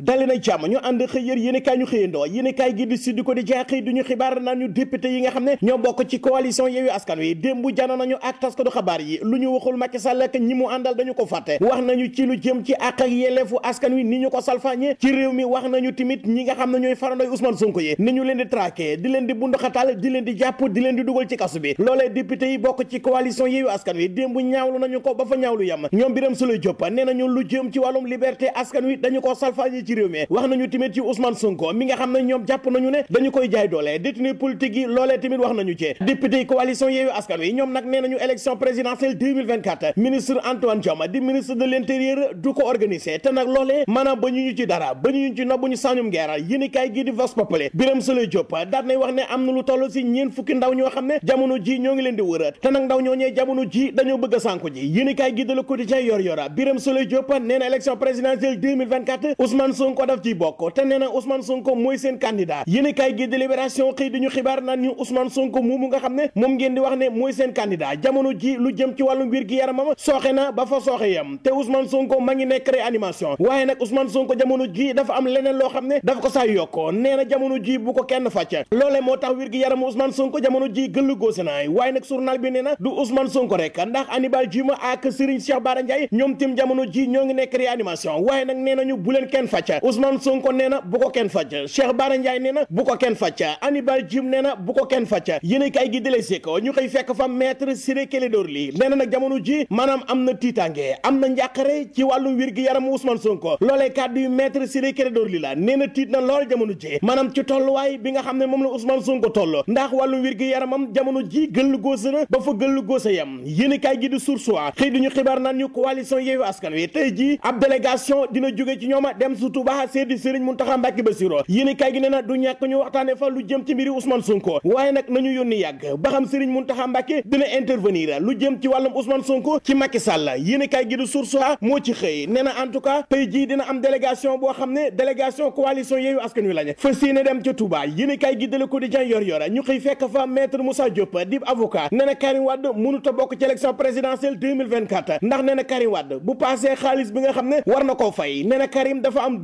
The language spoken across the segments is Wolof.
dali na jàmm ñu ànd xëy yër yéen i kaay ñu xëyandoo yéen i kaay gi di Sud Quotidien xëy duñu xibaar naan ñu yi nga xam ne ñoo bokk ci coalition Yewwi Askan Wi démb janoon nañu ak taskatu xabaar yi lu ñu waxul Macky Sall ak ñi mu àndal dañu ko fàtte wax nañu ci lu jëm ci àq ak yelleefu askan wi ni ñu ko salfaañe ci réew mi wax nañu timit ñi nga xam ne ñooy farandoy Ousmane Sonko yi ni ñu leen di traqué di di bunduxatal di leen di jàpp di leen di dugal ci kasu bi loolee député yi bokk ci coalition Yewwi Askan Wi démb ñaawlu nañu ko ba fa ñaawlu yam ñoom su Souleye Diop nee nañu lu jëm ci wàllum liberté askan wi dañu ko salfaañe ci réew mi wax nañu tamit ci Ousmane Sonko mi nga xam ne ñoom jàpp nañu ne dañu koy jaay doole détenu politique yi loolee tamit wax nañu ci député coalition Yewwi Askan Wi ñoom nag nee nañu élection présidentielle ministre Antoine Diome di ministre de l'intérieur du ko organiser te nag loolee maanaam ba ñu ñu ci dara ba ñu ñu ci nobbu ñu sañum ngeera yéen gii di Vox Populi Birame Souleye Diop daat nay wax ne am na lu toll si ñeen fukki ndaw ñoo xam ne jamono ji ñoo ngi Le Quotidien Ousmane Sonko daf ciy bokk te nee na Ousmane Sonko mooy seen candidat yéenekaay gi di Libération xëy di ñu xibaar naan ñu Ousmane Sonko moomu nga xam ne moom ngeen di wax ne mooy seen candidat jamono jii lu jëm ci wàllum wér gi yaramam sooxe na ba fa sooxe yam te Ousmane Sonko ma ngi nekk animation waaye nag Ousmane Sonko jamono ji dafa am leneen loo xam ne dafa ko saa yokkoo nee na jamono ji bu ko kenn fàcc loole moo tax wér gi yaram Ousmane Sonko jamono ji gëllu góose naay waaye nag journal bi nee na du Ousmane Sonko rek ndax Hannibal Djim ak Serigne Cheikh Bara Ndiaye ñoom tim jamono ji ñoo ngi nekk réanimation waaye nag nee nañu kenn ca Ousmane Sonko nee na bu ko kenn fàcca Cheikh Bara Ndiaye nee na bu ko kenn fàcca Hannibal Djim nee na bu ko kenn fàcca yéen kay gi di lay seko ñu koy fekk fa maître Ciré Clédor Ly nee na nag jamono ji maanaam am na tiitaange am na njàqare ci wàllum wér gi yaram Ousmane Sonko loolee kàddu yu maître Ciré Clédor Ly la nee na tiit na lool jamono ji maanaam ci tolluwaay bi nga xam ne moom la Ousmane Sonko toll ndax wàllum wér gi yaramam jamono ji gëllu góosa la ba fa gëllu góosa yam yéen kay gi di Source A xëy duñu xibaar naan ñu coalition Askan Wi tey ji ab délégation dina jóge ci ñooma dem su Touba Seydi Serigne Mountakha Mbacké Bassirou yéen kay gi nee du ñàkk ñu waxtaane fa lu jëm ci mbiri Ousmane Sonko waaye nag nañu yónni yàgg ba xam Serigne Mountakha Mbacké dina intervenir lu jëm ci wàllum Ousmane Sonko ci Macky Sall yéen gi du source moo ci xëy nee na en dina am délégation boo xam ne délégation coalition Yewwi Askan Wi lañ fas yéene dem ca Touba yéen gi dale ko di yor yora ñu xëy fekk fa maître Moussa Diop dib avocat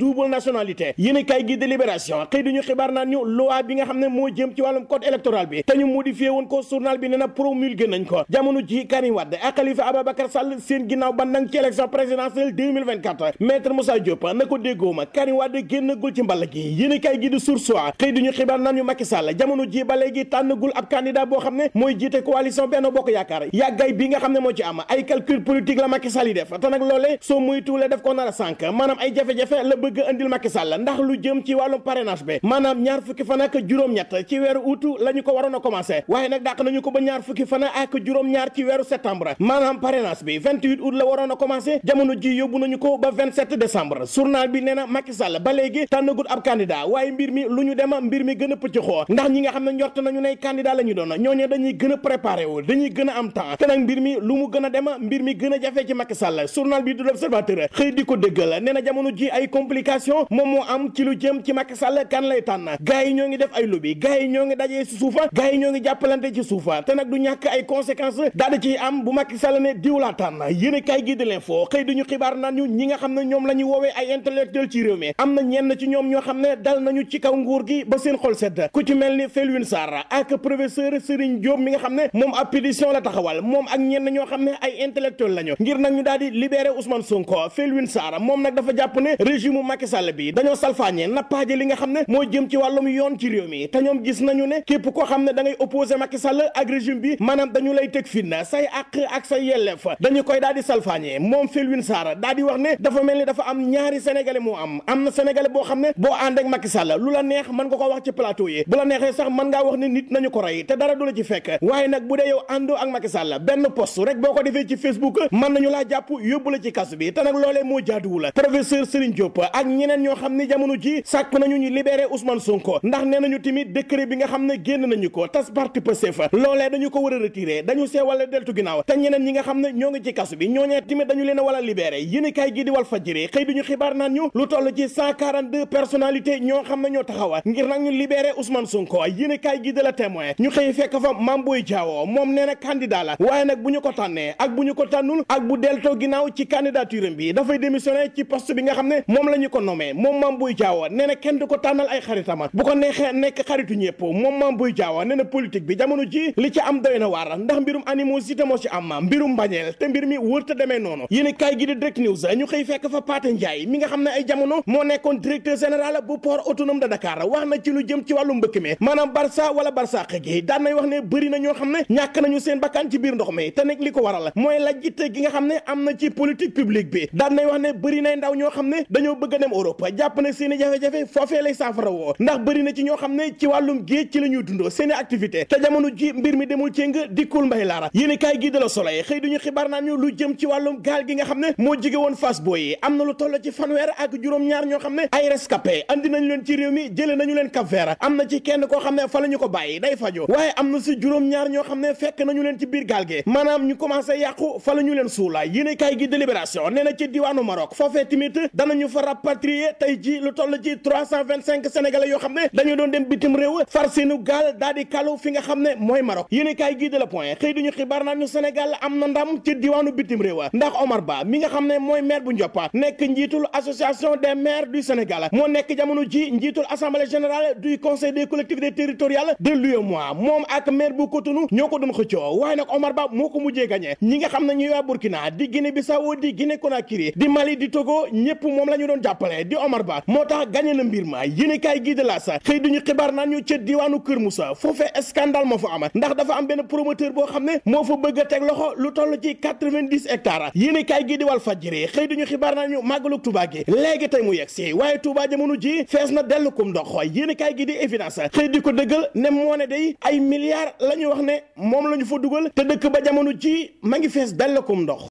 double nationalité yéen kay gi délibération xëy duñu xibaar naan ñu bi nga xam ne moo jëm ci wàllum code électoral bi te ñu modifié woon ko journal bi nee na promulgué nañ ko jamono ji Karim Wade ak Khalifa Ababacar Sall seen ginnaaw ba nang ci élection présidentielle 2024 maître na ko déggoo ma Karim Wade génnagul ci mball gi yéen gi di Source A xëy duñu xibaar naan ñu Macky Sall ji ba léegi tànnagul ab candidat boo xam ne bëgg bi maanaam ñaar a ba ñaar fukki fan ab candidat waaye mbir mi lu ñu dem mbir mi gën a ndax ñi nga xam ne njort nañu ne candidat la ñu doon ñooñu dañuy gën préparé wu dañuy gën am temps te nag mbir mi lu mu gën a mbir mi gën a ci Macky Sall journal bi du l'Observateur xëy di ko dëggal nee na jamono ji ay compliqué communication moom moo am ci lu jëm ci Macky Sall kan lay tànn gars yi ñoo ngi def ay lobby gars yi ñoo ngi dajee si suufa gars yi ñoo ngi jàppalante ci suufa te nag du ñàkk ay conséquences daal di ciy am bu Macky Sall ne diw laa tànn yéen gi di l'info xëy duñu xibaar naan ñu ñi nga xam ne ñoom la ñuy woowee ay intellectuel ci réew mi am na ñenn ci ñoom ñoo xam ne dal nañu ci kaw nguur gi ba seen xol sedd ku ci mel ni Felwine Sarr ak professeur Serigne Diop mi nga xam ne moom ab pétition la taxawal moom ak ñenn ñoo xam ne ay intellectuel lañu ngir nag ñu daal di libérer Ousmane Sonko Felwine régime bi dañoo salfaañe nappaaje li nga xam ne moo jëm ci wàllum yoon ci réew mi te ñoom gis nañu ne képp koo xam ne da ngay opposé Macky Sall ak régime bi maanaam dañu lay teg fitna say nañu laa jàpp yóbbu la ci kasu bi te nag loolee moo jaaduwul professeur Serigne Diop ak ñeneen ñoo xam ne jamono ji sàkk nañu ñu libéré Ousmane Sonko ndax ne nañu tamit décret bi nga xam ne génn nañu ko tas parti Pastef loolee dañu ko war a retiré dañu see wala deltu ginnaaw te ñeneen ñi nga xam ne ñoo ngi ci kasu bi ñooñee tamit dañu leen a wala libéré yéen kay gi di Walf Fadjri xëy duñu xibaar naan lu toll ci 142 ñoo xam ne ñoo taxawa ngir nag ñu libéré Ousmane Sonko yéen kay gi di la témoin ñu xëy fekk fa Mame Boye Diao moom nee ñu ko tànnee ak bu ñu ko tànnul ak bu deltoo ginnaaw ci candidature bi bi nga xam ne moom la ñu ko nommé moom Mame Boye Diao nee kenn du ko tànnal ay xaritama bu ko neexee nekk xaritu ñëpp moom Mame Boye Diao nee na bi jamono ji li ci am doy na waar ndax mbirum animosité moo ci am mbirum mbañeel te mbir mi wër te demee noonu yéen kaay gi di direct news ñu xëy fekk fa Pathé Ndiaye mi nga xam ne ay jamono moo nekkoon directeur général bu port autonome de Dakar wax na ci lu jëm ci wàllu mbëkk mi maanaam Barça wala Barsaq gi daan wax ne bëri na ñoo xam ne ñàkk nañu seen bakkan ci biir ndox mi te nag li ko waral mooy lajjite gi nga xam ne am na ci politique publique bi ndaw ñoo xam ne bëgg a dem Europe jàpp na seen i jafe-jafe foofee lay saafara woo ndax bëri na ci ñoo xam ne ci wàllum géej ci la ñuy dundoo seen i activité te jamono ji mbir mi demul céng dikkul mbay laa yéen i kaay gi de la Soleil xëy duñu xibaar naa ñu lu jëm ci wàllum gaal gi nga xam ne moo jige woon Fass Boye am na lu toll ci fanweer ak juróom-ñaar ñoo xam ne ay rescapé andi nañu leen ci réew mi jële nañu leen Cap Vert am na ci kenn koo xam ne fa la ñu ko bàyyi day fajo waaye am na si juróom-ñaar ñoo xam ne fekk nañu leen ci biir gaal gi maanaam ñu commencé yàqu fa la ñu leen suula yéen i kaay gi délibération nee na ci diwaanu Maroc foofee rapatrié tey ji lu toll ci trois cent vingt cinq sénégalais yoo xam ne dañoo doon dem bitim réew far seenu gaal daal kalu fi nga xam ne mooy Maroc yéen kaay gii de la point xëy duñu xibaar naan Sénégal am na ndam ci diwaanu bitim réew ndax Omar Ba mi nga xam ne mooy maire bu Ndiop nekk njiitul association des maires du Sénégal moo nekk jamono ji njiitul assemblée générale du conseil des collectivités territoriales de l'UEMOA moom ak maire bu Cotonou ñoo ko doon jàppale di Omar Ba moo tax gagné na mbir ma yéen kaay gii de la sa xëy duñu xibaar naan ñu ca diwaanu Kër Moussa foofee scandale ma fa am ndax dafa am benn promoteur boo xam ne moo fa bëgg teg loxo lu toll ci quatre-vingt-dix hectares yéen kaay gii di Walf Fadjri xëy ñu xibaar naan ñu màggalu Touba gi léegi tey mu yegg si waaye Touba jamono ji fees na dellu kum ndox yéen kaay gii di évidence xëy di ko dëggal ne moo ne day ay milliards la ñu wax ne moom la ñu fa dugal te dëkk ba jamono ji ma fees dellu kum ndox